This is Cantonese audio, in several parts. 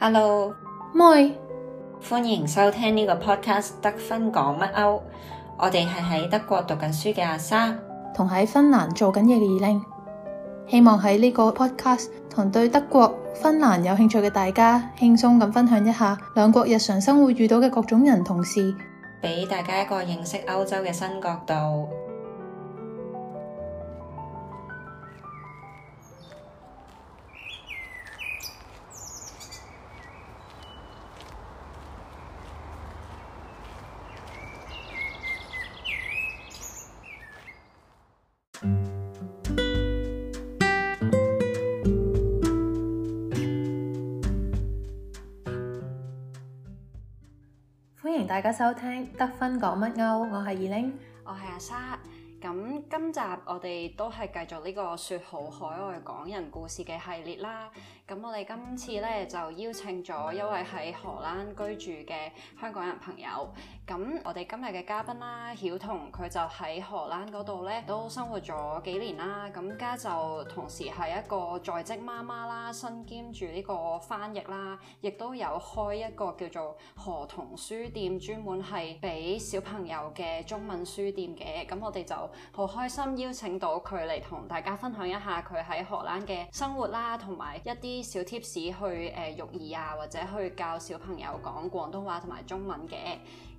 Hello，妹，Moi. 歡迎收聽呢個 podcast，德芬講乜歐？我哋係喺德國讀緊書嘅阿莎，同喺芬蘭做緊嘢嘅二拎，希望喺呢個 podcast 同對德國、芬蘭有興趣嘅大家，輕鬆咁分享一下兩國日常生活遇到嘅各種人同事，俾大家一個認識歐洲嘅新角度。大家收聽《得分講乜勾》歐，我係二玲，我係阿沙。咁今集我哋都係繼續呢個説好海外港人故事嘅系列啦。咁我哋今次呢就邀請咗一位喺荷蘭居住嘅香港人朋友。咁我哋今日嘅嘉賓啦、啊，曉彤佢就喺荷蘭嗰度呢都生活咗幾年啦。咁家就同時係一個在職媽媽啦，身兼住呢個翻譯啦，亦都有開一個叫做荷童書店，專門係俾小朋友嘅中文書店嘅。咁我哋就～好開心邀請到佢嚟同大家分享一下佢喺荷蘭嘅生活啦、啊，同埋一啲小 tips 去誒育兒啊，或者去教小朋友講廣東話同埋中文嘅，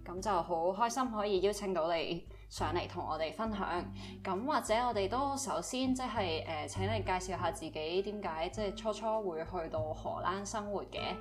咁就好開心可以邀請到你上嚟同我哋分享。咁或者我哋都首先即係誒請你介紹下自己，點解即係初初會去到荷蘭生活嘅。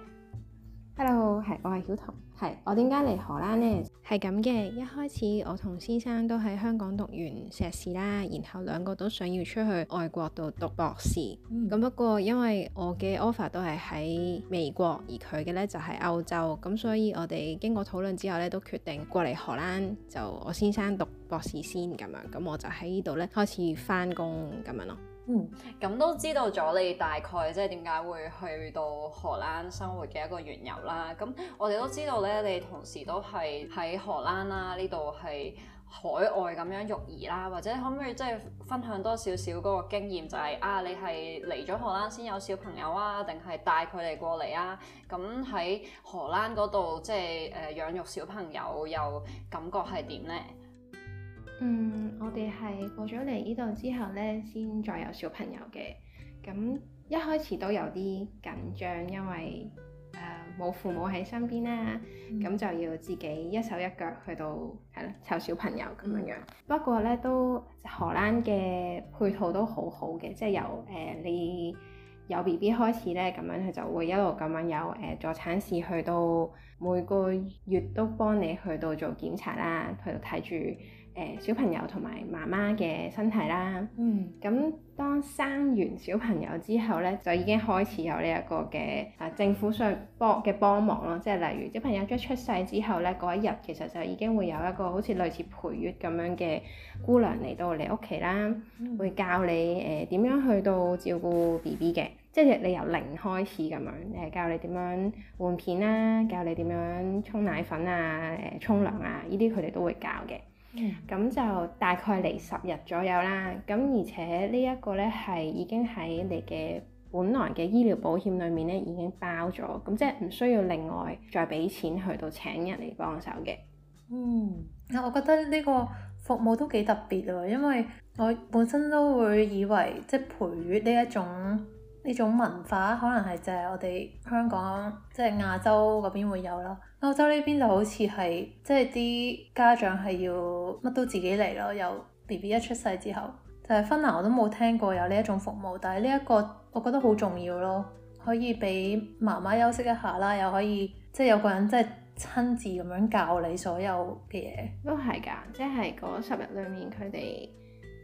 Hello，係我係曉彤，係我點解嚟荷蘭呢？係咁嘅，一開始我同先生都喺香港讀完碩士啦，然後兩個都想要出去外國度讀博士，咁、嗯、不過因為我嘅 offer 都係喺美國，而佢嘅呢就係、是、歐洲，咁所以我哋經過討論之後呢，都決定過嚟荷蘭就我先生讀博士先咁樣，咁我就喺呢度呢開始返工咁樣咯。嗯，咁都知道咗你大概即係點解會去到荷蘭生活嘅一個緣由啦。咁我哋都知道咧，你同時都係喺荷蘭啦，呢度係海外咁樣育兒啦，或者可唔可以即係分享多少少嗰個經驗？就係、是、啊，你係嚟咗荷蘭先有小朋友啊，定係帶佢哋過嚟啊？咁喺荷蘭嗰度即係誒養育小朋友又感覺係點呢？嗯，我哋係過咗嚟呢度之後咧，先再有小朋友嘅。咁一開始都有啲緊張，因為誒冇、呃、父母喺身邊啦、啊，咁、嗯、就要自己一手一腳去到係啦，湊、嗯、小朋友咁樣樣。嗯、不過咧都荷蘭嘅配套都好好嘅，即係由誒、呃、你有 BB 開始咧，咁樣佢就會一路咁樣有誒助、呃、產士去到每個月都幫你去到做檢查啦，去到睇住。誒、欸、小朋友同埋媽媽嘅身體啦，嗯，咁當生完小朋友之後咧，就已經開始有呢一個嘅啊政府上幫嘅幫忙咯，即係例如小朋友一出世之後咧，嗰一日其實就已經會有一個好似類似陪月咁樣嘅姑娘嚟到你屋企啦，嗯、會教你誒點、呃、樣去到照顧 B B 嘅，即係你由零開始咁樣誒、呃，教你點樣換片啦、啊，教你點樣沖奶粉啊，誒沖涼啊，呢啲佢哋都會教嘅。咁 就大概嚟十日左右啦，咁而且呢一個呢，係已經喺你嘅本來嘅醫療保險裏面呢已經包咗，咁即係唔需要另外再俾錢去到請人嚟幫手嘅。嗯，我覺得呢個服務都幾特別喎，因為我本身都會以為即係、就是、培育呢一種。呢種文化可能係就係我哋香港即係、就是、亞洲嗰邊會有咯，歐洲呢邊就好似係即係啲家長係要乜都自己嚟咯，有 B B 一出世之後，就係、是、芬蘭我都冇聽過有呢一種服務，但係呢一個我覺得好重要咯，可以俾媽媽休息一下啦，又可以即係、就是、有個人即係親自咁樣教你所有嘅嘢，都係㗎，即係嗰十日裡面佢哋。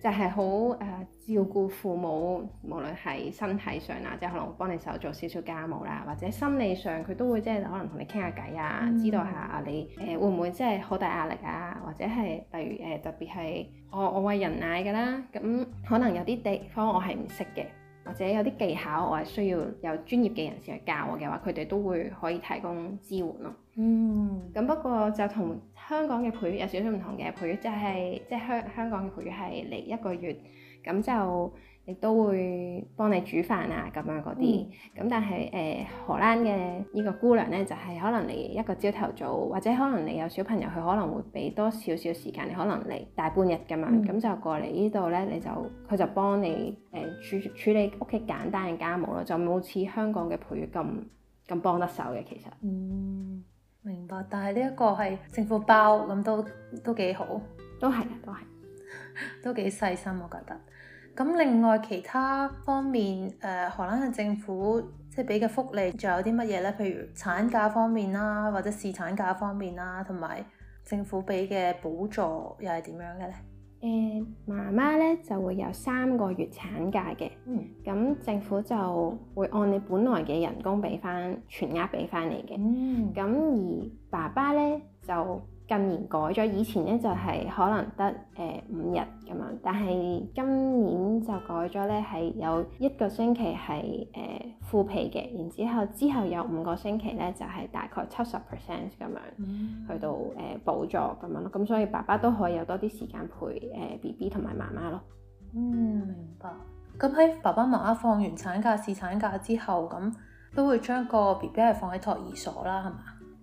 就係好誒照顧父母，無論係身體上啊，即係可能幫你手做少少家務啦，或者心理上佢都會即係可能同你傾下偈啊，嗯、知道下你誒、呃、會唔會即係好大壓力啊，或者係例如誒特別係、哦、我我餵人奶㗎啦，咁可能有啲地方我係唔識嘅，或者有啲技巧我係需要有專業嘅人士去教我嘅話，佢哋都會可以提供支援咯。嗯，咁不過就同。香港嘅陪月有少少唔同嘅，陪月即係即係香香港嘅陪月係嚟一個月，咁就亦都會幫你煮飯啊咁樣嗰啲。咁、嗯、但係誒、呃、荷蘭嘅呢個姑娘呢，就係、是、可能嚟一個朝頭早，或者可能你有小朋友，佢可能會俾多少少時間，你可能嚟大半日咁樣，咁、嗯、就過嚟呢度呢，你就佢就幫你誒、呃、處處理屋企簡單嘅家務咯，就冇似香港嘅陪月咁咁幫得手嘅其實。嗯明白，但係呢一個係政府包咁都都幾好，都係都係，都幾細心我覺得。咁另外其他方面，誒、呃、荷蘭嘅政府即係俾嘅福利，仲有啲乜嘢呢？譬如產假方面啦，或者侍產假方面啦，同埋政府俾嘅補助又係點樣嘅呢？誒，媽媽呢就會有三個月產假嘅，咁、嗯、政府就會按你本來嘅人工俾翻全額俾翻你嘅，咁、嗯、而爸爸呢就。近年改咗，以前咧就係、是、可能得誒、呃、五日咁樣，但係今年就改咗咧，係有一個星期係誒 full pay 嘅，然之後之後有五個星期咧就係、是、大概七十 percent 咁樣、嗯、去到誒、呃、補助咁樣咯。咁所以爸爸都可以有多啲時間陪誒 B B 同埋媽媽咯。嗯，明白。咁喺爸爸媽媽放完產假、侍產假之後，咁都會將個 B B 係放喺托兒所啦，係嘛？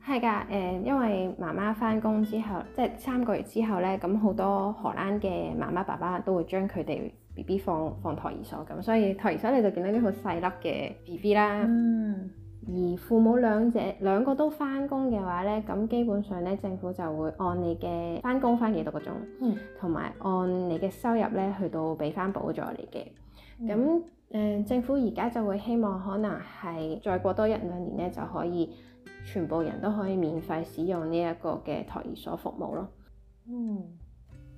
係㗎，誒、嗯，因為媽媽返工之後，即係三個月之後咧，咁、嗯、好多荷蘭嘅媽媽爸爸都會將佢哋 B B 放放託兒所咁，所以托兒所你就見到啲好細粒嘅 B B 啦。嗯。而父母兩者兩個都返工嘅話咧，咁基本上咧政府就會按你嘅返工返幾多個鐘，嗯，同埋按你嘅收入咧去到俾返補助你嘅。咁誒，政府而家就會希望可能係再過多一兩年咧就可以。全部人都可以免費使用呢一個嘅托兒所服務咯。嗯，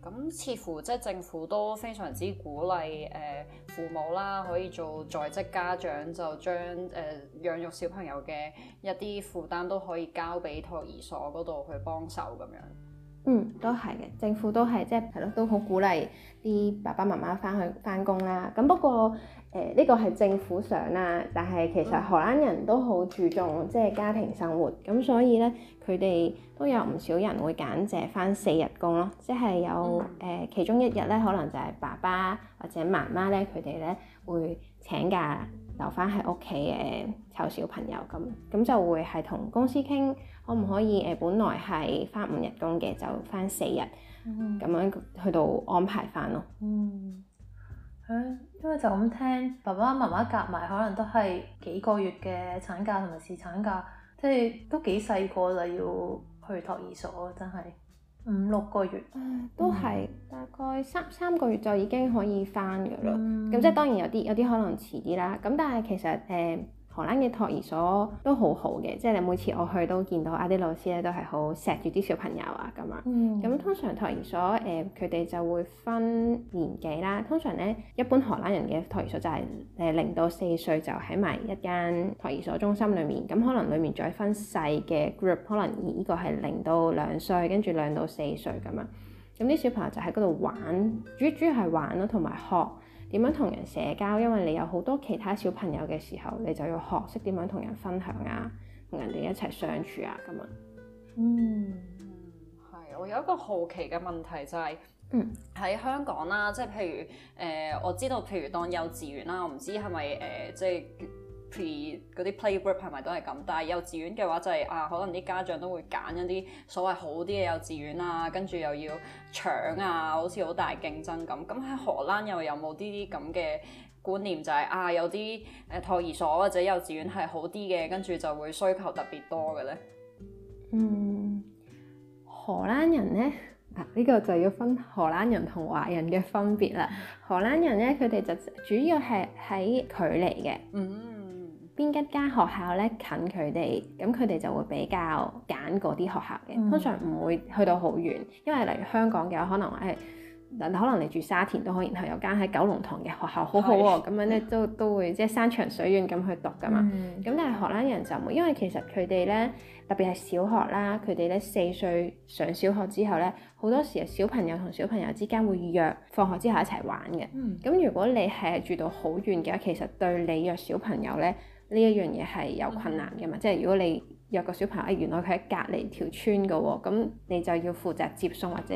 咁似乎即係、就是、政府都非常之鼓勵誒、呃、父母啦，可以做在職家長，就將誒、呃、養育小朋友嘅一啲負擔都可以交俾托兒所嗰度去幫手咁樣。嗯，都係嘅，政府都係即係係咯，都好鼓勵啲爸爸媽媽返去返工啦。咁不過。誒呢、呃這個係政府上啦、啊，但係其實荷蘭人都好注重即係家庭生活，咁所以咧佢哋都有唔少人會揀淨係返四日工咯，即係有誒、呃、其中一日咧，可能就係爸爸或者媽媽咧，佢哋咧會請假留返喺屋企誒湊小朋友咁，咁就會係同公司傾可唔可以誒、呃，本來係返五日工嘅就返四日，咁、嗯、樣去到安排返咯。嗯，啊因為就咁聽，爸爸媽媽夾埋，可能都係幾個月嘅產假同埋侍產假，即係都幾細個就要去托兒所，真係五六個月，嗯、都係、嗯、大概三三個月就已經可以翻嘅啦。咁、嗯、即係當然有啲有啲可能遲啲啦。咁但係其實誒。呃荷蘭嘅托兒所都好好嘅，即係你每次我去都見到啊，啲老師咧，都係好錫住啲小朋友啊咁樣。咁、嗯、通常托兒所誒，佢哋就會分年紀啦。通常咧，一般荷蘭人嘅托兒所就係誒，零到四歲就喺埋一間托兒所中心裡面，咁可能裡面再分細嘅 group，可能呢個係零到兩歲，跟住兩到四歲咁樣。咁啲小朋友就喺嗰度玩，主要主要係玩咯，同埋學。點樣同人社交？因為你有好多其他小朋友嘅時候，你就要學識點樣同人分享啊，同人哋一齊相處啊咁樣。嗯，係、 嗯。我有一個好奇嘅問題就係，喺香港啦，即係譬如誒、呃，我知道譬如當幼稚園啦，我唔知係咪誒，即係。嗰啲 playgroup 係咪都係咁？但係幼稚園嘅話就係、係、啊，可能啲家長都會揀一啲所謂好啲嘅幼稚園啊，跟住又要搶啊，好似好大競爭咁。咁喺荷蘭又有冇啲啲咁嘅觀念、就係，就係啊，有啲誒、呃、託兒所或者幼稚園係好啲嘅，跟住就會需求特別多嘅咧。嗯，荷蘭人咧啊，呢、呢個就要分荷蘭人同華人嘅分別啦。荷蘭人咧，佢哋就主要係喺距離嘅。嗯。邊一間學校咧近佢哋，咁佢哋就會比較揀嗰啲學校嘅，嗯、通常唔會去到好遠，因為嚟香港嘅可能誒，可能你住沙田都可以，然後有間喺九龍塘嘅學校好好喎、哦，咁是樣咧都、嗯、都，都會即係山長水遠咁去讀噶嘛，咁、嗯、但係荷蘭人就唔會，因為其實佢哋咧特別係小學啦，佢哋咧四歲上小學之後咧，好多時啊小朋友同小朋友之間會約放學之後一齊玩嘅，咁、嗯、如果你係住到好遠嘅，其實對你約小朋友咧。呢一樣嘢係有困難嘅嘛，即係如果你有個小朋友，啊原來佢喺隔離條村嘅喎，咁你就要負責接送或者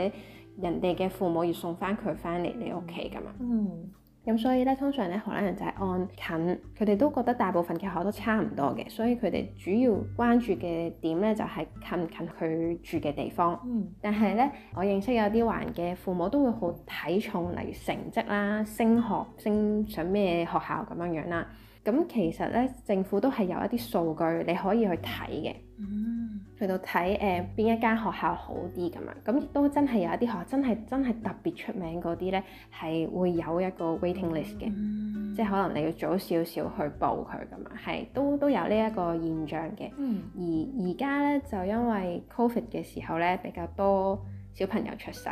人哋嘅父母要送翻佢翻嚟你屋企噶嘛，嗯。嗯。咁所以咧，通常咧荷蘭人就係按近，佢哋都覺得大部分嘅學校都差唔多嘅，所以佢哋主要關注嘅點咧就係、是、近唔近佢住嘅地方。嗯。但係咧，我認識有啲華人嘅父母都會好睇重例如成績啦、升學、升上咩學校咁樣樣啦。咁其實咧，政府都係有一啲數據你可以去睇嘅，mm. 去到睇誒邊一間學校好啲咁樣。咁亦都真係有一啲學校真係真係特別出名嗰啲咧，係會有一個 waiting list 嘅，mm. 即係可能你要早少少去報佢咁樣。係都都有呢一個現象嘅。Mm. 而而家咧就因為 Covid 嘅時候咧，比較多小朋友出世。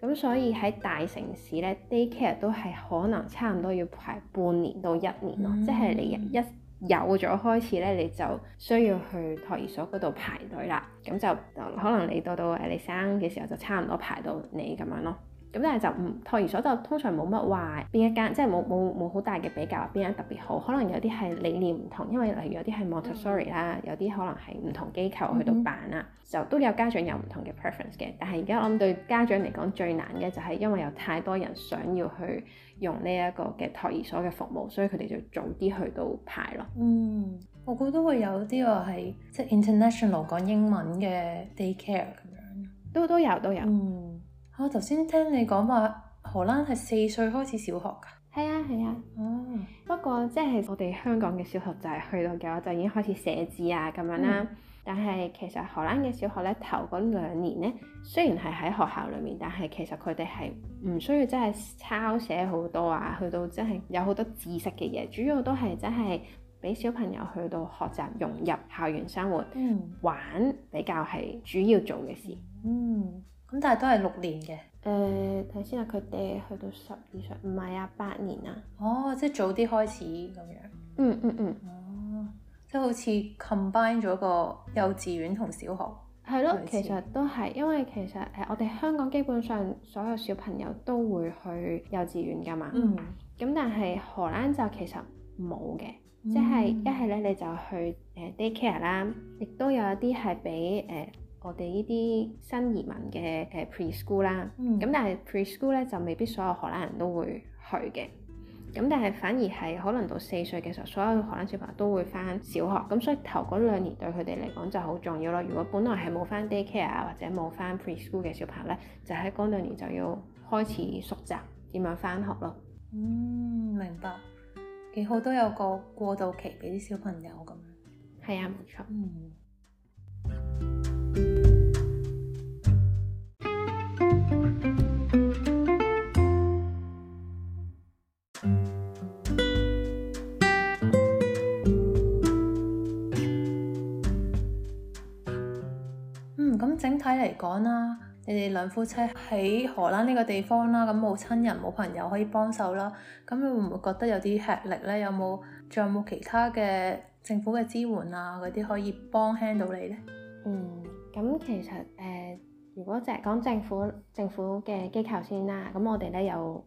咁所以喺大城市咧，daycare 都係可能差唔多要排半年到一年咯，mm hmm. 即係你一有咗開始咧，你就需要去托兒所嗰度排隊啦。咁就可能你到到你生嘅時候，就差唔多排到你咁樣咯。咁但係就唔托兒所就通常冇乜壞，邊一間即係冇冇冇好大嘅比較，邊一間特別好，可能有啲係理念唔同，因為例如有啲係 Montessori 啦、mm，hmm. 有啲可能係唔同機構去到辦啦，mm hmm. 就都有家長有唔同嘅 preference 嘅。但係而家我諗對家長嚟講最難嘅就係因為有太多人想要去用呢一個嘅托兒所嘅服務，所以佢哋就早啲去到派咯。嗯、mm，hmm. 我覺得會有啲話係即、就是、international 講英文嘅 daycare 咁樣，都都有都有。都有 mm hmm. 我頭先聽你講話荷蘭係四歲開始小學㗎，係啊係啊，啊啊不過即係我哋香港嘅小學就係去到嘅話就已經開始寫字啊咁樣啦。嗯、但係其實荷蘭嘅小學咧頭嗰兩年咧，雖然係喺學校裏面，但係其實佢哋係唔需要真係抄寫好多啊，去到真係有好多知識嘅嘢，主要都係真係俾小朋友去到學習融入校園生活，嗯、玩比較係主要做嘅事。嗯。咁但係都係六年嘅。誒、呃，睇先啊，佢哋去到十二歲？唔係啊，八年啊。哦，即係早啲開始咁樣。嗯嗯嗯。嗯嗯哦，即係好似 combine 咗個幼稚園同小學。係咯，其實都係，因為其實誒，我哋香港基本上所有小朋友都會去幼稚園㗎嘛。嗯。咁但係荷蘭就其實冇嘅，嗯、即係一係咧你就去誒 daycare 啦，亦都有一啲係俾誒，呃我哋呢啲新移民嘅嘅 preschool 啦，咁、嗯、但係 preschool 咧就未必所有荷蘭人都會去嘅，咁但係反而係可能到四歲嘅時候，所有荷蘭小朋友都會返小學，咁所以頭嗰兩年對佢哋嚟講就好重要咯。如果本來係冇返 daycare 或者冇返 preschool 嘅小朋友咧，就喺嗰兩年就要開始熟習點樣返學咯。嗯，明白，幾好，都有個過渡期俾啲小朋友咁樣。係啊，冇錯。嗯講啦，你哋兩夫妻喺荷蘭呢個地方啦，咁冇親人冇朋友可以幫手啦，咁你會唔會覺得有啲吃力呢？有冇仲有冇其他嘅政府嘅支援啊？嗰啲可以幫 hand 到你呢？嗯，咁其實誒、呃，如果凈係講政府政府嘅機構先啦，咁我哋咧有。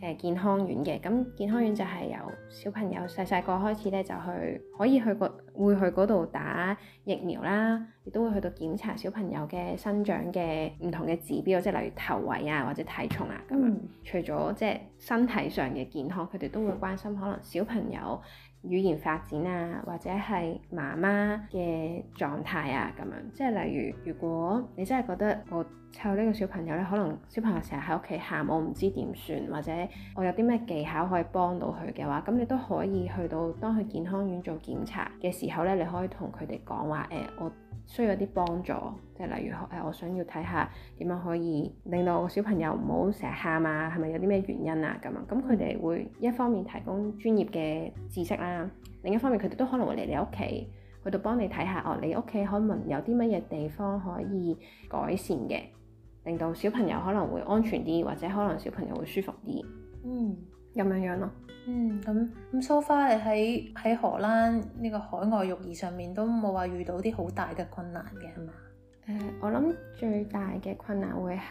誒健康院嘅，咁健康院就係由小朋友細細個開始咧，就去可以去個會去嗰度打疫苗啦，亦都會去到檢查小朋友嘅生長嘅唔同嘅指標，即係例如頭圍啊或者體重啊咁、嗯、除咗即係身體上嘅健康，佢哋都會關心可能小朋友，語言發展啊，或者係媽媽嘅狀態啊，咁樣，即係例如，如果你真係覺得我湊呢個小朋友咧，可能小朋友成日喺屋企喊，我唔知點算，或者我有啲咩技巧可以幫到佢嘅話，咁你都可以去到當去健康院做檢查嘅時候咧，你可以同佢哋講話，誒、欸、我需要啲幫助，即係例如誒，我想要睇下點樣可以令到我小朋友唔好成日喊啊，係咪有啲咩原因啊咁樣？咁佢哋會一方面提供專業嘅知識啦，另一方面佢哋都可能會嚟你屋企去到幫你睇下，哦，你屋企可能有啲乜嘢地方可以改善嘅，令到小朋友可能會安全啲，或者可能小朋友會舒服啲。嗯。咁樣樣咯。嗯，咁咁 so far 係喺喺荷蘭呢個海外育兒上面都冇話遇到啲好大嘅困難嘅係嘛？誒、呃，我諗最大嘅困難會係誒、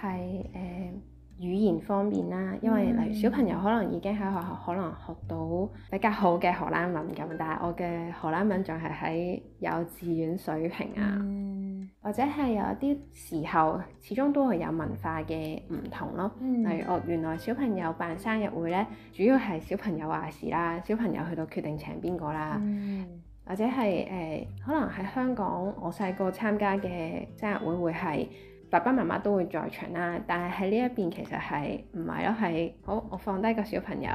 呃、語言方面啦，因為例如小朋友可能已經喺學校可能學到比較好嘅荷蘭文咁，但係我嘅荷蘭文仲係喺幼稚園水平啊。嗯。或者係有啲時候，始終都係有文化嘅唔同咯。嗯、例如我原來小朋友辦生日會咧，主要係小朋友話事啦，小朋友去到決定請邊個啦。嗯、或者係誒、呃，可能喺香港，我細個參加嘅生日會會係爸爸媽媽都會在場啦。但係喺呢一邊其實係唔係咯？係好，我放低個小朋友，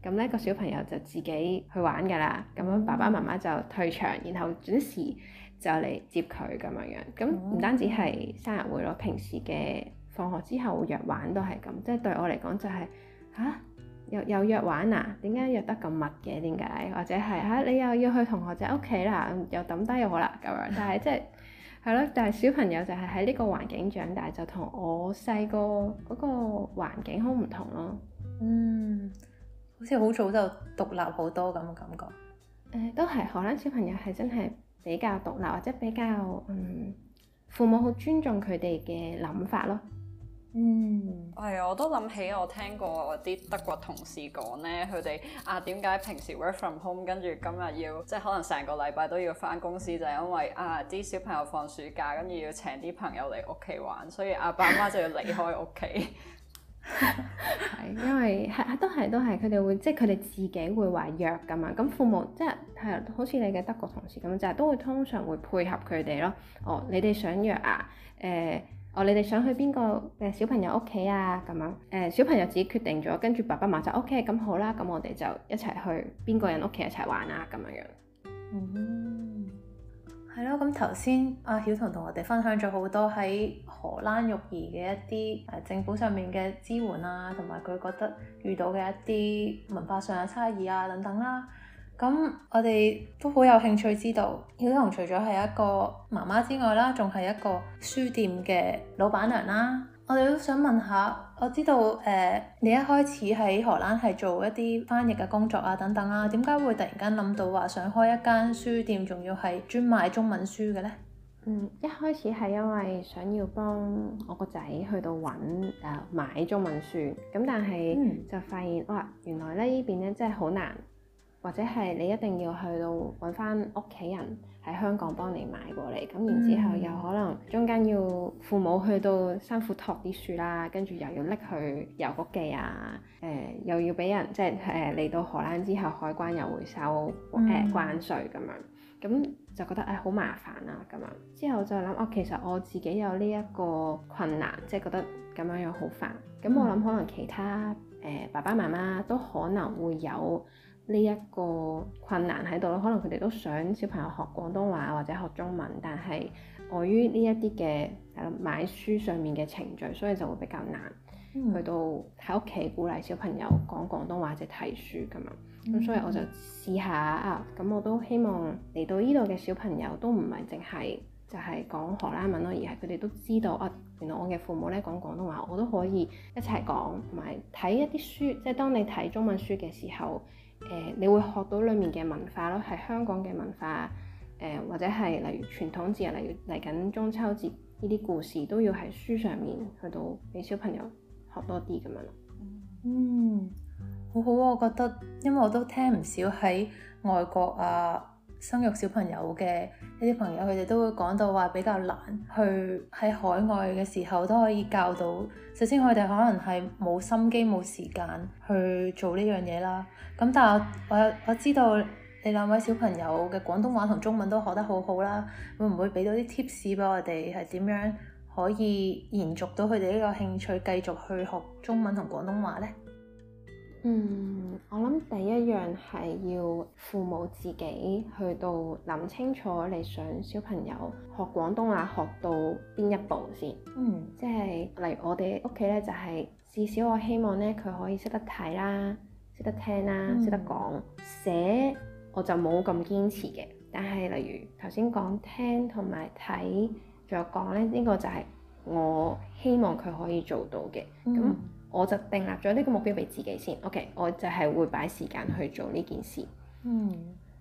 咁、那、呢個小朋友就自己去玩㗎啦。咁樣爸爸媽媽就退場，然後準時，就嚟接佢咁樣樣，咁唔單止係生日會咯，平時嘅放學之後約玩都係咁。即係對我嚟講就係、是、吓，又、啊、又約玩啊？點解約得咁密嘅？點解？或者係吓、啊，你又要去同學仔屋企啦，又抌低又好啦咁樣。但係即係係咯，但係小朋友就係喺呢個環境長大，就同我細個嗰個環境好唔同咯。嗯，好似好早就獨立好多咁嘅感覺。誒、嗯，都係荷蘭小朋友係真係。比較獨立，或者比較嗯，父母好尊重佢哋嘅諗法咯。嗯、係、哎，我都諗起我聽過啲德國同事講咧，佢哋啊點解平時 work from home，跟住今日要即係可能成個禮拜都要翻公司，就係因為啊啲小朋友放暑假，跟住要請啲朋友嚟屋企玩，所以阿爸阿媽就要離開屋企。係。 因為係，都係，都係，佢哋會即係佢哋自己會話約噶嘛，咁父母即係係，好似你嘅德國同事咁就係，都會通常會配合佢哋咯。哦，你哋想約啊？誒、呃，哦，你哋想去邊個嘅小朋友屋企啊？咁樣誒、呃，小朋友自己決定咗，跟住爸爸媽媽就 OK，咁好啦，咁我哋就一齊去邊個人屋企一齊玩啊，咁樣樣。Mm hmm. 係咯，咁頭先阿曉彤同我哋分享咗好多喺荷蘭育兒嘅一啲誒政府上面嘅支援啊，同埋佢覺得遇到嘅一啲文化上嘅差異啊等等啦。咁我哋都好有興趣知道，曉彤除咗係一個媽媽之外啦，仲係一個書店嘅老闆娘啦。我哋都想問下。我知道，誒、呃，你一開始喺荷蘭係做一啲翻譯嘅工作啊，等等啊，點解會突然間諗到話想開一間書店，仲要係專賣中文書嘅呢、嗯？一開始係因為想要幫我個仔去到揾誒買中文書，咁但係、嗯、就發現哇，原來咧依邊咧真係好難。或者係你一定要去到揾翻屋企人喺香港幫你買過嚟，咁、嗯、然之後又可能中間要父母去到辛苦托啲書啦，跟住又要拎去郵局寄啊，誒、呃、又要俾人即係誒嚟到荷蘭之後海關又會收誒、嗯呃、關稅咁樣，咁就覺得誒好、哎、麻煩啦咁樣。之後就諗哦，其實我自己有呢一個困難，即係覺得咁樣樣好煩。咁、嗯、我諗可能其他誒、呃、爸爸媽媽都可能會有。呢一個困難喺度咯，可能佢哋都想小朋友學廣東話或者學中文，但係礙於呢一啲嘅係咯，買書上面嘅程序，所以就會比較難、嗯、去到喺屋企鼓勵小朋友講廣東話或者睇書噶嘛。咁、嗯、所以我就試下、嗯、啊，咁我都希望嚟到呢度嘅小朋友都唔係淨係就係講荷蘭文咯，而係佢哋都知道啊，原來我嘅父母咧講廣東話，我都可以一齊講同埋睇一啲書，即係當你睇中文書嘅時候。誒、呃，你會學到裡面嘅文化咯，係香港嘅文化，誒、呃、或者係例如傳統節，例如嚟緊中秋節呢啲故事，都要喺書上面去到俾小朋友學多啲咁樣咯。嗯，好好啊，我覺得，因為我都聽唔少喺外國啊，生育小朋友嘅一啲朋友，佢哋都會講到話比較難，去喺海外嘅時候都可以教到。首先，佢哋可能係冇心機、冇時間去做呢樣嘢啦。咁但係我我，我知道你兩位小朋友嘅廣東話同中文都學得好好啦，會唔會俾到啲 tips 俾我哋係點樣可以延續到佢哋呢個興趣，繼續去學中文同廣東話呢？嗯，我諗第一樣係要父母自己去到諗清楚，你想小朋友學廣東話學到邊一步先。嗯，即係例如我哋屋企咧，就係至少我希望咧，佢可以識得睇啦，識得聽啦，識得講，嗯，寫，我就冇咁堅持嘅。但係例如頭先講聽同埋睇，仲有講咧，呢、呢個就係我希望佢可以做到嘅。咁、嗯我就訂立咗呢個目標俾自己先，OK？我就係會擺時間去做呢件事。嗯。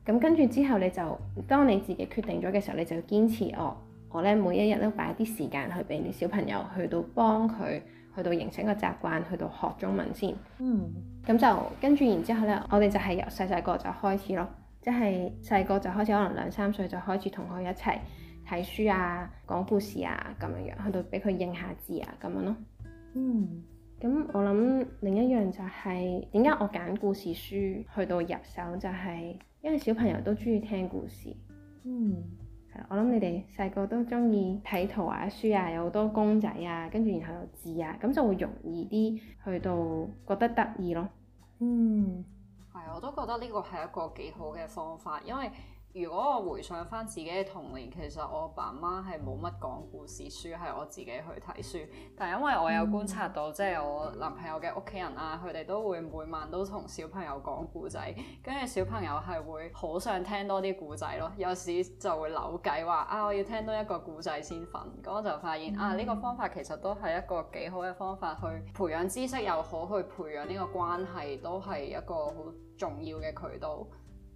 咁跟住之後，你就當你自己決定咗嘅時候，你就堅持、哦、我我咧，每一日都擺啲時間去俾啲小朋友去到幫佢去到形成個習慣，去到學中文先。嗯。咁就跟住然之後咧，我哋就係由細細個就開始咯，即係細個就開始，可能兩三歲就開始同佢一齊睇書啊、講故事啊咁樣樣，去到俾佢認下字啊咁樣咯。嗯。咁我諗另一樣就係點解我揀故事書去到入手，就係因為小朋友都中意聽故事。嗯，係我諗你哋細個都中意睇圖畫書啊，有好多公仔啊，跟住然後又字啊，咁就會容易啲去到覺得得意咯。嗯，係啊，我都覺得呢個係一個幾好嘅方法，因為。如果我回想翻自己嘅童年，其實我爸媽係冇乜講故事書，係我自己去睇書。但係因為我有觀察到，嗯、即係我男朋友嘅屋企人啊，佢哋都會每晚都同小朋友講故仔，跟住小朋友係會好想聽多啲故仔咯。有時就會扭計話啊，我要聽多一個故仔先瞓。咁我就發現、嗯、啊，呢、呢個方法其實都係一個幾好嘅方法，去培養知識又好，去培養呢個關係都係一個好重要嘅渠道。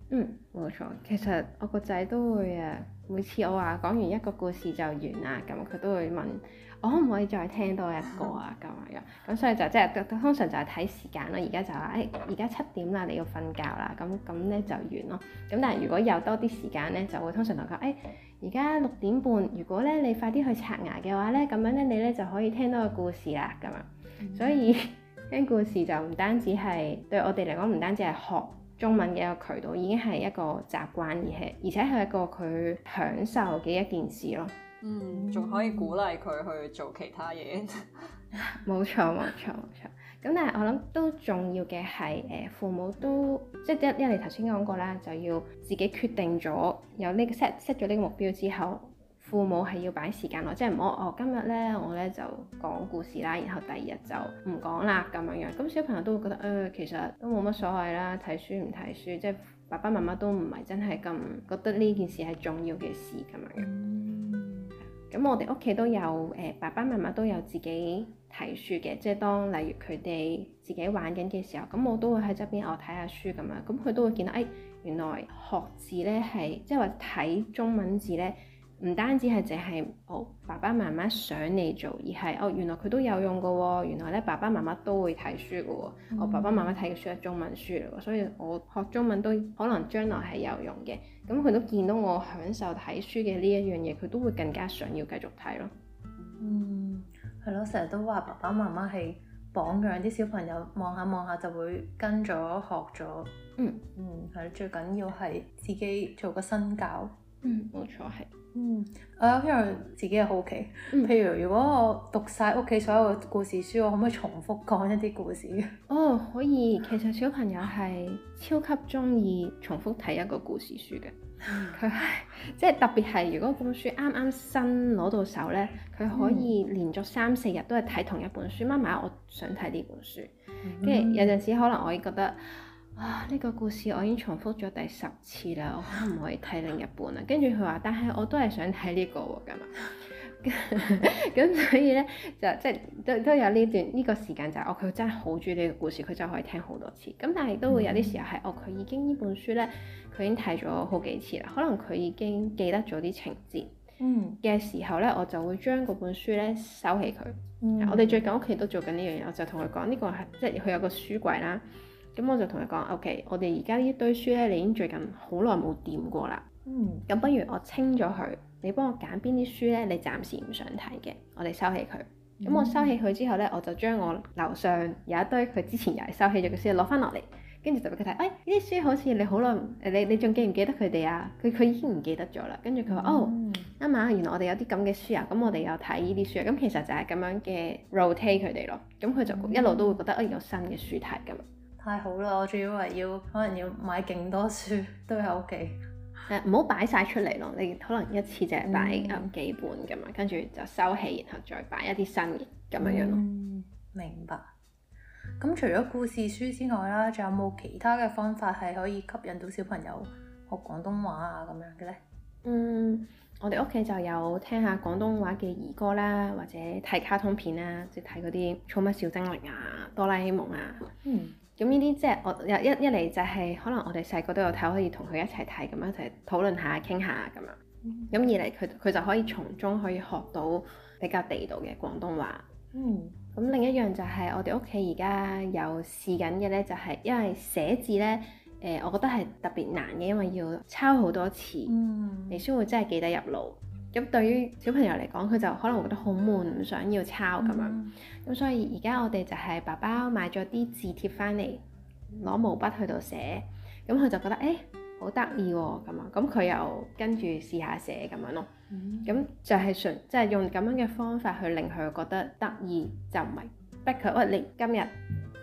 嗯，冇錯。其實我個仔都會誒，每次我話講完一個故事就完啦，咁佢都會問我可唔可以再聽多一個啊咁樣樣。咁所以就即係通常就係睇時間咯。而家就話誒，而家七點啦，你要瞓覺啦。咁咁咧就完咯。咁但係如果有多啲時間咧，就會通常同佢誒，而家六點半，如果咧你快啲去刷牙嘅話咧，咁樣咧你咧就可以聽多個故事啦咁樣。所以聽故事就唔單止係對我哋嚟講，唔單止係學。中文嘅一個渠道，已經係一個習慣而，而且而且係一個佢享受嘅一件事咯。嗯，仲可以鼓勵佢去做其他嘢。冇 錯，冇錯，冇錯。咁但係我諗都重要嘅係，誒、呃、父母都即係一，一嚟頭先講過啦，就要自己決定咗有呢、呢個 set set 咗呢個目標之後。父母係要擺時間囉，即係唔好哦。今日咧，我咧就講故事啦，然後第二日就唔講啦，咁樣樣咁小朋友都會覺得誒、哎，其實都冇乜所謂啦。睇書唔睇書，即係爸爸媽媽都唔係真係咁覺得呢件事係重要嘅事咁樣樣。咁我哋屋企都有誒、呃，爸爸媽媽都有自己睇書嘅，即係當例如佢哋自己玩緊嘅時候，咁我都會喺側邊我睇下書咁樣。咁佢都會見到誒、哎，原來學字咧係即係話睇中文字咧。唔單止係淨係哦，爸爸媽媽想你做，而係哦原來佢都有用噶喎、哦。原來咧，爸爸媽媽都會睇書噶喎、哦。嗯、我爸爸媽媽睇嘅書係中文書嚟，所以我學中文都可能將來係有用嘅。咁佢都見到我享受睇書嘅呢一樣嘢，佢都會更加想要繼續睇咯。嗯，係咯，成日都話爸爸媽媽係榜樣，啲小朋友望下望下就會跟咗學咗。嗯嗯，係、嗯、最緊要係自己做個身教。嗯，冇錯係。嗯，我有因為自己係好奇，嗯、譬如如果我讀晒屋企所有故事書，我可唔可以重複講一啲故事嘅？哦，可以，其實小朋友係超級中意重複睇一個故事書嘅，佢係即係特別係如果本書啱啱新攞到手咧，佢可以連續三四日都係睇同一本書。媽媽，我想睇呢本書，跟住、嗯、有陣時可能我會覺得。啊！呢個故事我已經重複咗第十次啦，我可唔可以睇另一本啊？跟住佢話，但係我都係想睇呢個㗎嘛。咁所以咧就即係都都有呢段呢個時間，就係哦，佢真係好中意呢個故事，佢就可以聽好多次。咁但係都會有啲時候係，哦，佢已經呢本書咧，佢已經睇咗好幾次啦，可能佢已經記得咗啲情節嘅時候咧，我就會將嗰本書咧收起佢。我哋最近屋企都做緊呢樣嘢，我就同佢講呢個係即係佢有個書櫃啦。咁我就同佢講，OK，我哋而家呢一堆書咧，你已經最近好耐冇掂過啦。嗯。咁不如我清咗佢，你幫我揀邊啲書咧？你暫時唔想睇嘅，我哋收起佢。咁、嗯、我收起佢之後咧，我就將我樓上有一堆佢之前又係收起咗嘅書攞翻落嚟，跟住就俾佢睇。誒，呢啲書好似你好耐，你你仲記唔記得佢哋啊？佢佢已經唔記得咗啦。跟住佢話：嗯、哦啱啊，原來我哋有啲咁嘅書啊。咁我哋又睇呢啲書啊。咁其實就係咁樣嘅 rotate 佢哋咯。咁佢就一路都會覺得誒、嗯啊、有新嘅書睇㗎嘛。太好啦！我仲以為要可能要買勁多書都喺屋企誒，唔好、呃、擺晒出嚟咯。你可能一次就擺咁、嗯嗯、幾本嘅嘛，跟住就收起，然後再擺一啲新嘅咁樣樣咯、嗯。明白。咁除咗故事書之外啦，仲有冇其他嘅方法係可以吸引到小朋友學廣東話啊咁樣嘅呢？嗯，我哋屋企就有聽下廣東話嘅兒歌啦，或者睇卡通片啦，即係睇嗰啲《寵物小精靈》啊，《哆啦 A 夢》啊。嗯。咁呢啲即係我又一一嚟就係可能我哋細個都有睇，可以同佢一齊睇咁樣一齊討論下、傾下咁樣。咁、嗯、二嚟佢佢就可以從中可以學到比較地道嘅廣東話。嗯。咁另一樣就係我哋屋企而家有試緊嘅咧，就係因為寫字咧，誒、呃，我覺得係特別難嘅，因為要抄好多次，嗯、你先會真係記得入腦。咁對於小朋友嚟講，佢就可能會覺得好悶，唔想要抄咁樣。咁、嗯、所以而家我哋就係爸爸買咗啲字帖翻嚟，攞毛筆去度寫。咁佢就覺得誒好得意喎咁啊！咁、欸、佢、哦、又跟住試下寫咁樣咯。咁、嗯、就係純即係、就是、用咁樣嘅方法去令佢覺得得意就唔係逼佢屈你今日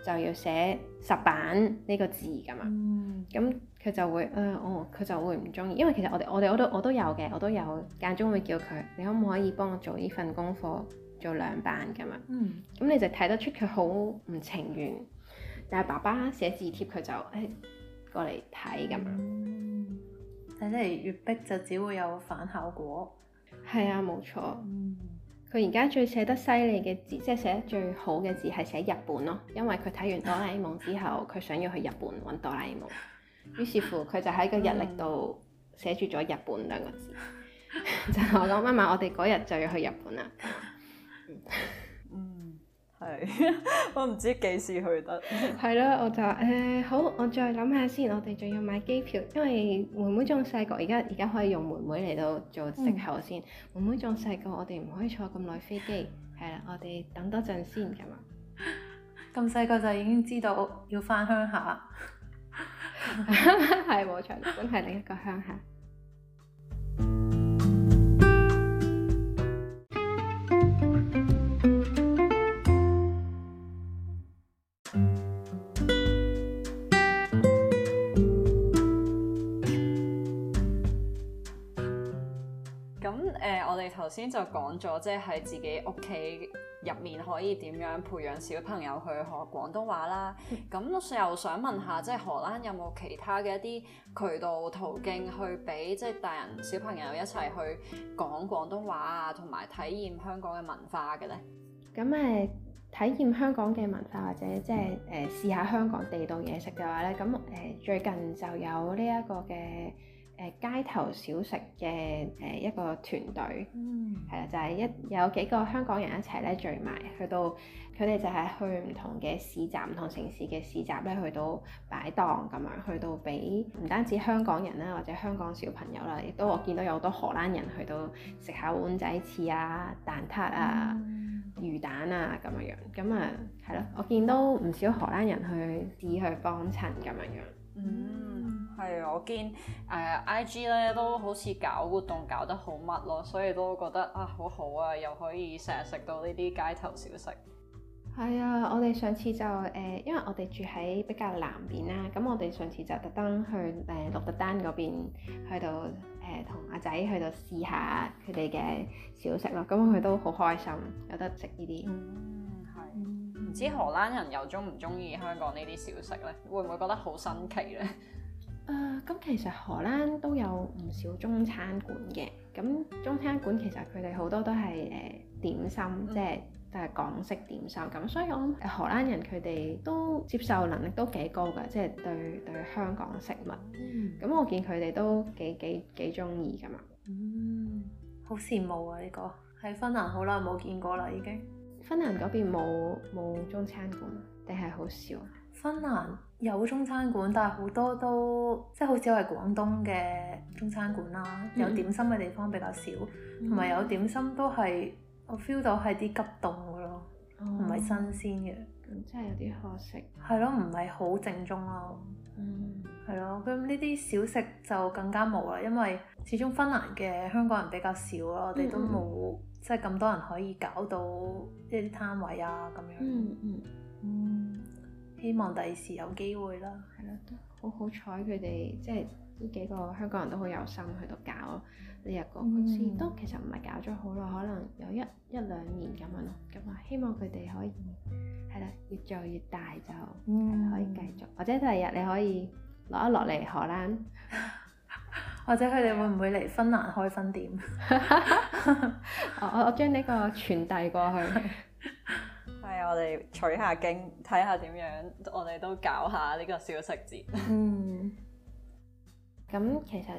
就要寫。十版呢個字㗎嘛，咁佢、嗯、就會誒我佢就會唔中意，因為其實我哋我哋我都我都有嘅，我都有，我都有間中會叫佢，你可唔可以幫我做呢份功課做兩版㗎嘛？咁、嗯、你就睇得出佢好唔情願，嗯、但係爸爸寫字帖佢就誒、哎、過嚟睇咁樣，睇嚟越逼就只會有反效果，係啊，冇錯。嗯佢而家最寫得犀利嘅字，即係寫得最好嘅字，係寫日本咯。因為佢睇完《哆啦 A 夢》之後，佢想要去日本揾哆啦 A 夢，於是乎佢就喺個日曆度寫住咗日本兩個字，就同、嗯、 我講，媽媽，我哋嗰日就要去日本啦。 係， 我唔知幾時去得。係咯，我就誒、呃、好，我再諗下先。我哋仲要買機票，因為妹妹仲細個，而家而家可以用妹妹嚟到做借口先。嗯、妹妹仲細個，我哋唔可以坐咁耐飛機。係啦，我哋等多陣先，咁啊。咁細個就已經知道要返鄉下，係冇錯，係 另一個鄉下。先就講咗，即係自己屋企入面可以點樣培養小朋友去學廣東話啦。咁 又想問下，即係荷蘭有冇其他嘅一啲渠道途徑去俾即係大人小朋友一齊去講廣東話啊，同埋體驗香港嘅文化嘅咧？咁誒體驗香港嘅文化或者即係誒試下香港地道嘢食嘅話咧，咁誒最近就有呢一個嘅。街頭小食嘅誒一個團隊，係啦、嗯，就係、是、一有幾個香港人一齊咧聚埋，去到佢哋就係去唔同嘅市集，唔同城市嘅市集咧去到擺檔咁樣，去到俾唔單止香港人啦，或者香港小朋友啦，亦都我見到有好多荷蘭人去到食下碗仔翅啊、蛋撻啊、嗯、魚蛋啊咁樣，咁啊係咯，我見到唔少荷蘭人去試去幫襯咁樣。嗯係、嗯，我見誒、呃、I G 咧都好似搞活動搞得好密咯，所以都覺得啊、呃、好好啊，又可以成日食到呢啲街頭小食。係啊，我哋上次就誒、呃，因為我哋住喺比較南邊啦，咁我哋上次就特登去誒鹿特丹嗰邊，去到誒同阿仔去到試下佢哋嘅小食咯。咁佢都好開心，有得食呢啲。係是。唔、嗯、知荷蘭人又中唔中意香港呢啲小食咧？會唔會覺得好新奇咧？啊，咁、呃、其實荷蘭都有唔少中餐館嘅，咁中餐館其實佢哋好多都係誒、呃、點心，即、就、係、是、都係港式點心，咁所以我諗荷蘭人佢哋都接受能力都幾高㗎，即、就、係、是、對對香港食物，咁、嗯、我見佢哋都幾幾幾鍾意㗎嘛，嗯，好羨慕啊呢、這個喺芬蘭好耐冇見過啦已經，芬蘭嗰邊冇冇中餐館定係好少？芬蘭有中餐館，但係好多都即係好似係廣東嘅中餐館啦，嗯、有點心嘅地方比較少，同埋、嗯、有點心都係我 feel 到係啲急凍嘅咯，唔係、嗯、新鮮嘅。咁、嗯、真係有啲可惜。係咯，唔係好正宗咯。嗯。係咯，咁呢啲小食就更加冇啦，因為始終芬蘭嘅香港人比較少咯，我哋都冇、嗯嗯、即係咁多人可以搞到一啲攤位啊咁樣。嗯。嗯希望第時有機會啦，係咯，都好好彩佢哋，即係呢幾個香港人都好有心去度搞呢、呢、一個，先都、嗯、其實唔係搞咗好耐，可能有一一,一兩年咁樣咯。咁啊，希望佢哋可以係啦、嗯，越做越大就可以繼續，嗯、或者第日你可以落一落嚟荷蘭， 或者佢哋會唔會嚟芬蘭開分店？ 我我我將呢個傳遞過去。 我哋取下經，睇下點樣，我哋都搞下呢個小食節。嗯，咁其實誒，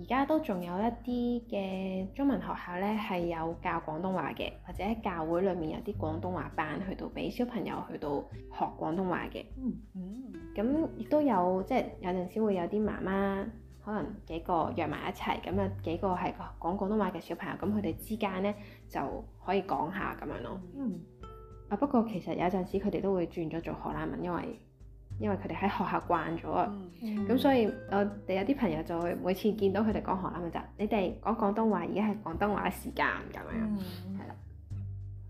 而家都仲有一啲嘅中文學校咧，係有教廣東話嘅，或者教會裏面有啲廣東話班，去到俾小朋友去到學廣東話嘅。嗯嗯。咁亦都有，即係有陣時會有啲媽媽，可能幾個約埋一齊，咁啊幾個係講廣東話嘅小朋友，咁佢哋之間咧就可以講下咁樣咯。嗯。啊！不過其實有陣時佢哋都會轉咗做荷蘭文，因為因為佢哋喺學校慣咗啊。咁、mm hmm. 所以我哋有啲朋友就會每次見到佢哋講荷蘭文就是、你哋講廣東話，而家係廣東話時間咁樣，係啦、mm。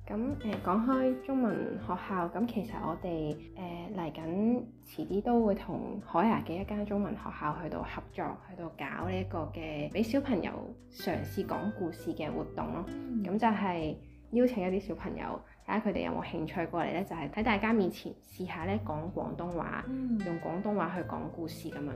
咁、hmm. 誒、呃、講開中文學校，咁其實我哋誒嚟緊遲啲都會同海牙嘅一間中文學校去到合作，去到搞呢一個嘅俾小朋友嘗試講故事嘅活動咯。咁、mm hmm. 就係邀請一啲小朋友。睇下佢哋有冇興趣過嚟咧，就係、是、喺大家面前試下咧講廣東話，嗯、用廣東話去講故事咁樣咯。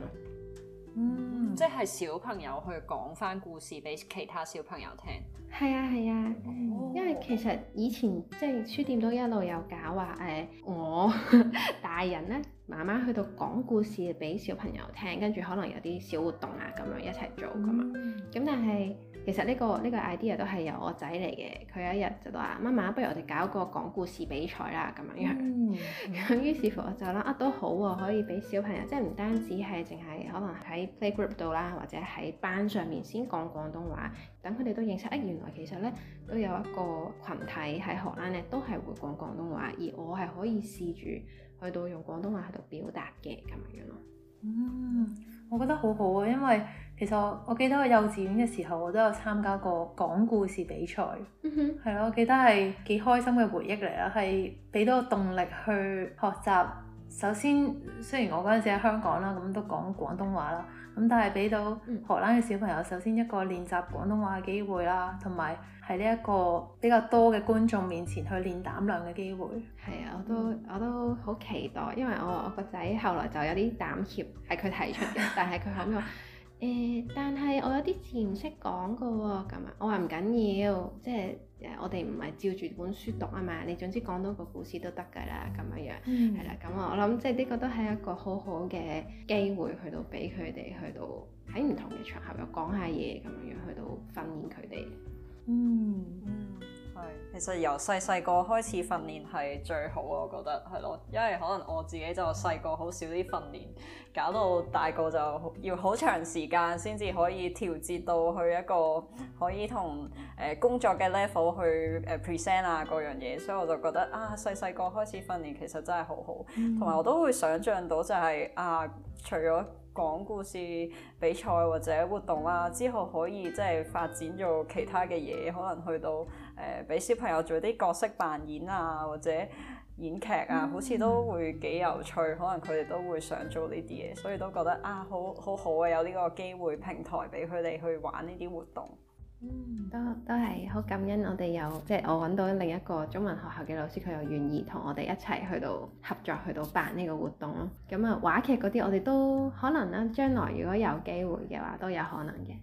嗯、即係小朋友去講返故事俾其他小朋友聽。係啊，係啊。哦、因為其實以前即係、就是、書店都一路有搞話，誒、呃，我 大人咧，媽媽去到講故事俾小朋友聽，跟住可能有啲小活動啊，咁樣一齊做咁嘛。咁、嗯、但係。其實呢個呢個 idea 都係由我仔嚟嘅，佢有一日就話，媽媽，不如我哋搞一個講故事比賽啦，咁樣樣。咁、mm hmm. 於是乎我就啦、啊，都好喎，可以俾小朋友，即係唔單止係淨係可能喺 playgroup 度啦，或者喺班上面先講廣東話，等佢哋都認識，誒、啊、原來其實呢，都有一個群體喺荷蘭呢，都係會講廣東話，而我係可以試住去到用廣東話喺度表達嘅咁樣樣咯。嗯、mm。Hmm. 我覺得好好啊，因為其實我我記得我幼稚園嘅時候，我都有參加過講故事比賽，係咯、嗯哼，我記得係幾開心嘅回憶嚟啦，係俾到個動力去學習。首先，雖然我嗰陣時喺香港啦，咁都講廣東話啦，咁但係俾到荷蘭嘅小朋友，首先一個練習廣東話嘅機會啦，同埋。喺呢一個比較多嘅觀眾面前去練膽量嘅機會，係啊，我都我都好期待，因為我我個仔後來就有啲膽怯，係佢提出嘅，但係佢後面話誒，但係我有啲字唔識講噶喎，咁啊，我話唔緊要，即係我哋唔係照住本書讀啊嘛，你總之講多個故事都得㗎啦，咁樣樣，係啦、 啊，咁我諗即係呢個都係一個好好嘅機會，去到俾佢哋去到喺唔同嘅場合又講下嘢，咁樣樣去到訓練佢哋。嗯嗯，係、嗯，其實由細細個開始訓練係最好，我覺得係咯，因為可能我自己就細個好少啲訓練，搞到大個就要好長時間先至可以調節到去一個可以同誒工作嘅 level 去誒 present 啊，嗰樣嘢，所以我就覺得啊細細個開始訓練其實真係好好，同埋、嗯、我都會想像到就係、是、啊除咗。講故事比賽或者活動啊，之後可以即係發展做其他嘅嘢，可能去到誒俾、呃、小朋友做啲角色扮演啊，或者演劇啊，好似都會幾有趣，可能佢哋都會想做呢啲嘢，所以都覺得啊好，好好好嘅，有呢個機會平台俾佢哋去玩呢啲活動。嗯，都都係好感恩我，就是、我哋有即係我揾到另一個中文學校嘅老師，佢又願意同我哋一齊去到合作，去到辦呢個活動咯。咁啊，話劇嗰啲我哋都可能啦。將來如果有機會嘅話，都有可能嘅。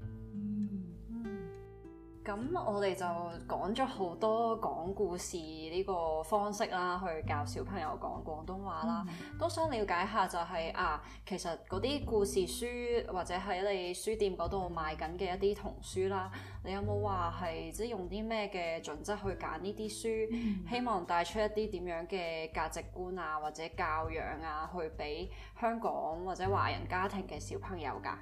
咁我哋就講咗好多講故事呢個方式啦，去教小朋友講廣東話啦。嗯、都想了解下就係、是、啊，其實嗰啲故事書或者喺你書店嗰度賣緊嘅一啲童書啦，你有冇話係即用啲咩嘅準則去揀呢啲書？嗯、希望帶出一啲點樣嘅價值觀啊，或者教養啊，去俾香港或者華人家庭嘅小朋友㗎？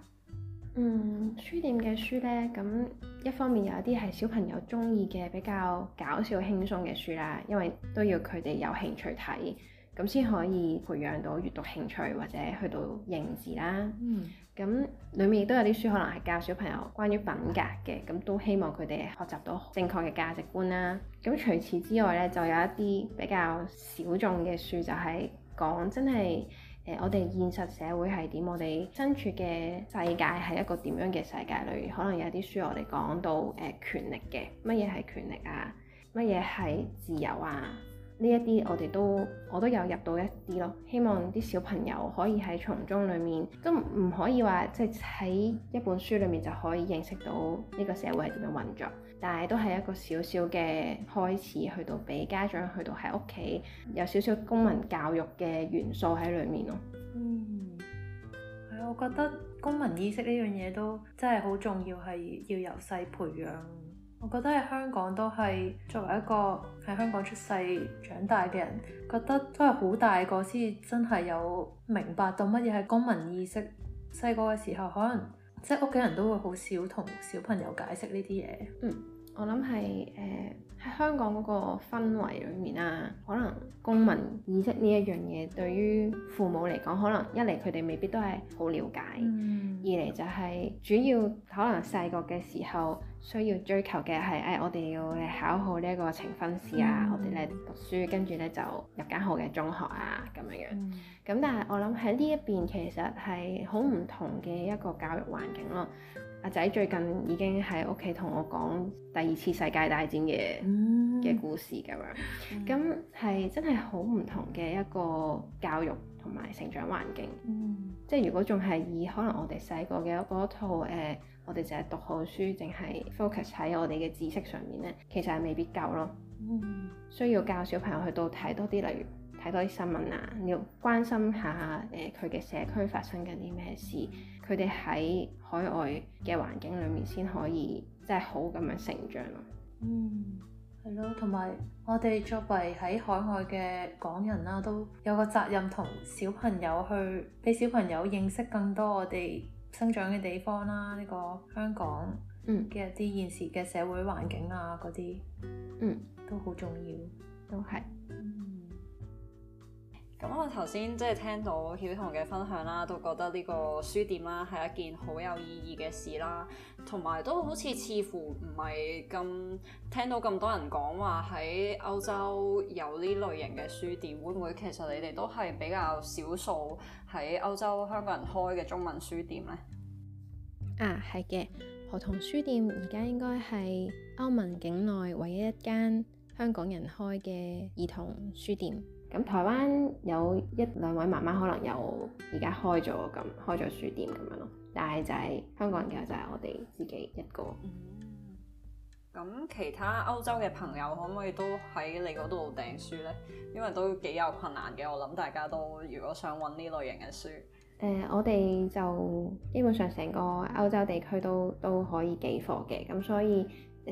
嗯，書店嘅書呢，咁一方面有一啲係小朋友中意嘅、比較搞笑輕鬆嘅書啦，因為都要佢哋有興趣睇，咁先可以培養到閱讀興趣或者去到認字啦。嗯，咁裏面亦都有啲書可能係教小朋友關於品格嘅，咁都希望佢哋學習到正確嘅價值觀啦。咁除此之外呢，就有一啲比較小眾嘅書，就係、是、講真係。誒、呃，我哋現實社會係點？我哋身處嘅世界係一個點樣嘅世界裏？可能有啲書我哋講到誒、呃、權力嘅，乜嘢係權力啊？乜嘢係自由啊？呢一啲我哋都我都有入到一啲咯。希望啲小朋友可以喺從中裏面都唔可以話，即係喺一本書裏面就可以認識到呢個社會係點樣運作。但係都係一個少少嘅開始，去到俾家長去到喺屋企有少少公民教育嘅元素喺裏面咯。嗯，係，我覺得公民意識呢樣嘢都真係好重要，係要由細培養。我覺得喺香港都係作為一個喺香港出世長大嘅人，覺得都係好大個先至真係有明白到乜嘢係公民意識。細個嘅時候可能。即係屋企人都會好少同小朋友解釋呢啲嘢。嗯，我諗係誒喺香港嗰個氛圍裏面啦，可能公民意識呢一樣嘢對於父母嚟講，可能一嚟佢哋未必都係好了解，嗯、二嚟就係主要可能細個嘅時候。需要追求嘅係誒，我哋要考好呢一個呈分試啊！我哋咧讀書，跟住咧就入間好嘅中學啊，咁樣樣。咁、嗯、但係我諗喺呢一邊其實係好唔同嘅一個教育環境咯。阿仔最近已經喺屋企同我講第二次世界大戰嘅嘅、嗯、故事咁樣，咁係、嗯、真係好唔同嘅一個教育同埋成長環境。嗯、即係如果仲係以可能我哋細個嘅嗰套誒。呃我哋淨係讀好書，淨係 focus 喺我哋嘅知識上面咧，其實係未必夠咯。嗯，需要教小朋友去到睇多啲，例如睇多啲新聞啊，要關心下誒佢嘅社區發生緊啲咩事，佢哋喺海外嘅環境裡面先可以即係好咁樣成長咯。嗯，係咯，同埋我哋作為喺海外嘅港人啦、啊，都有個責任同小朋友去俾小朋友認識更多我哋生長嘅地方啦，呢個香港，嗯，嘅啲現時嘅社會環境啊，嗰啲嗯都好重要，都係。嗯、咁我頭先即係聽到曉彤嘅分享啦，都覺得呢個書店啦係一件好有意義嘅事啦。同埋都好似似乎唔係，咁聽到咁多人講話，喺歐洲有呢類型嘅書店，會唔會其實你哋都係比較少數喺歐洲香港人開嘅中文書店咧？啊，係嘅，荷童書店而家應該係歐盟境內唯一一間香港人開嘅兒童書店。咁台灣有一兩位媽媽可能有而家開咗咁開咗書店咁樣咯。但係就係、是、香港人嘅就係我哋自己一個。咁其他歐洲嘅朋友可唔可以都喺你嗰度訂書呢？因為都幾有困難嘅，我諗大家都如果想揾呢類型嘅書，誒、呃、我哋就基本上成個歐洲地區都都可以寄貨嘅，咁所以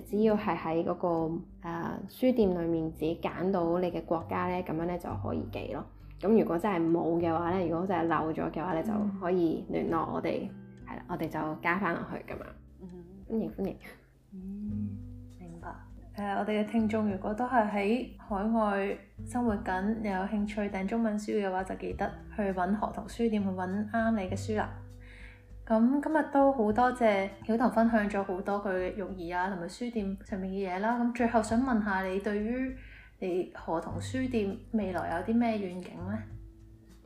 只要係喺嗰個誒、呃、書店裏面自己揀到你嘅國家呢，咁樣呢就可以寄咯。咁如果真係冇嘅話呢，如果真係漏咗嘅話呢，就可以聯絡我哋。係啦，我哋就加翻落去噶嘛。嗯，歡迎歡迎。明白。誒、呃，我哋嘅聽眾如果都係喺海外生活緊，你有興趣訂中文書嘅話，就記得去揾荷桐書店荷童書店去揾啱你嘅書啦。咁、嗯、今日都好多謝曉彤分享咗好多佢嘅慾意育兒啊，同埋書店上面嘅嘢啦。咁、嗯、最後想問下你，對於你荷童書店未來有啲咩願景呢？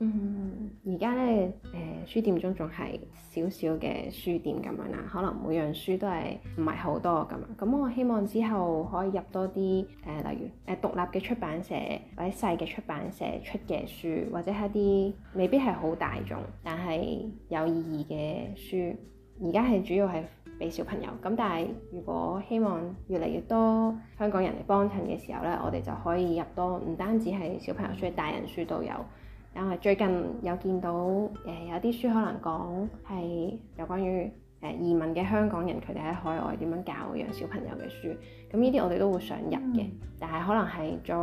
嗯，而家咧，誒、呃、書店中仲係少少嘅書店咁樣啦，可能每樣書都係唔係好多咁樣。咁我希望之後可以入多啲誒、呃，例如誒、呃、獨立嘅出版社或者細嘅出版社出嘅書，或者一啲未必係好大眾但係有意義嘅書。而家係主要係俾小朋友咁，但係如果希望越嚟越多香港人嚟幫襯嘅時候咧，我哋就可以入多，唔單止係小朋友書，大人書都有。因為最近有見到誒、呃、有啲書可能講係有關於誒、呃、移民嘅香港人，佢哋喺海外點樣教養小朋友嘅書，咁呢啲我哋都會想入嘅，嗯、但係可能係再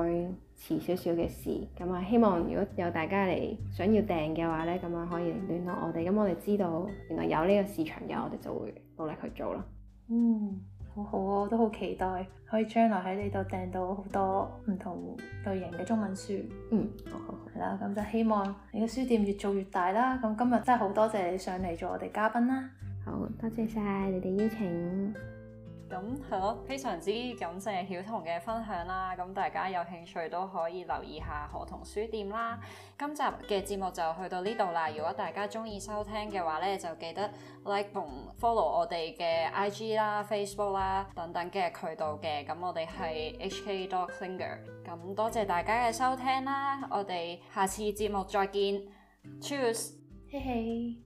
遲少少嘅事，咁啊希望如果有大家嚟想要訂嘅話咧，咁樣可以聯絡我哋，咁我哋知道原來有呢個市場嘅，我哋就會努力去做囉。嗯。好好啊，我都好期待可以將來喺呢度訂到好多唔同類型嘅中文書。嗯，好啦，咁、嗯、就希望你嘅書店越做越大啦。咁今日真係好多謝你上嚟做我哋嘉賓啦。好多謝晒你哋邀請。咁係咯，非常之感謝曉彤嘅分享啦！咁大家有興趣都可以留意下荷童書店啦。今集嘅節目就去到呢度啦。如果大家中意收聽嘅話呢，就記得 like 同 follow 我哋嘅 IG 啦、Facebook 啦等等嘅渠道嘅。咁我哋係 HK Finger。咁多謝大家嘅收聽啦！我哋下次節目再見。Cheers！嘿嘿。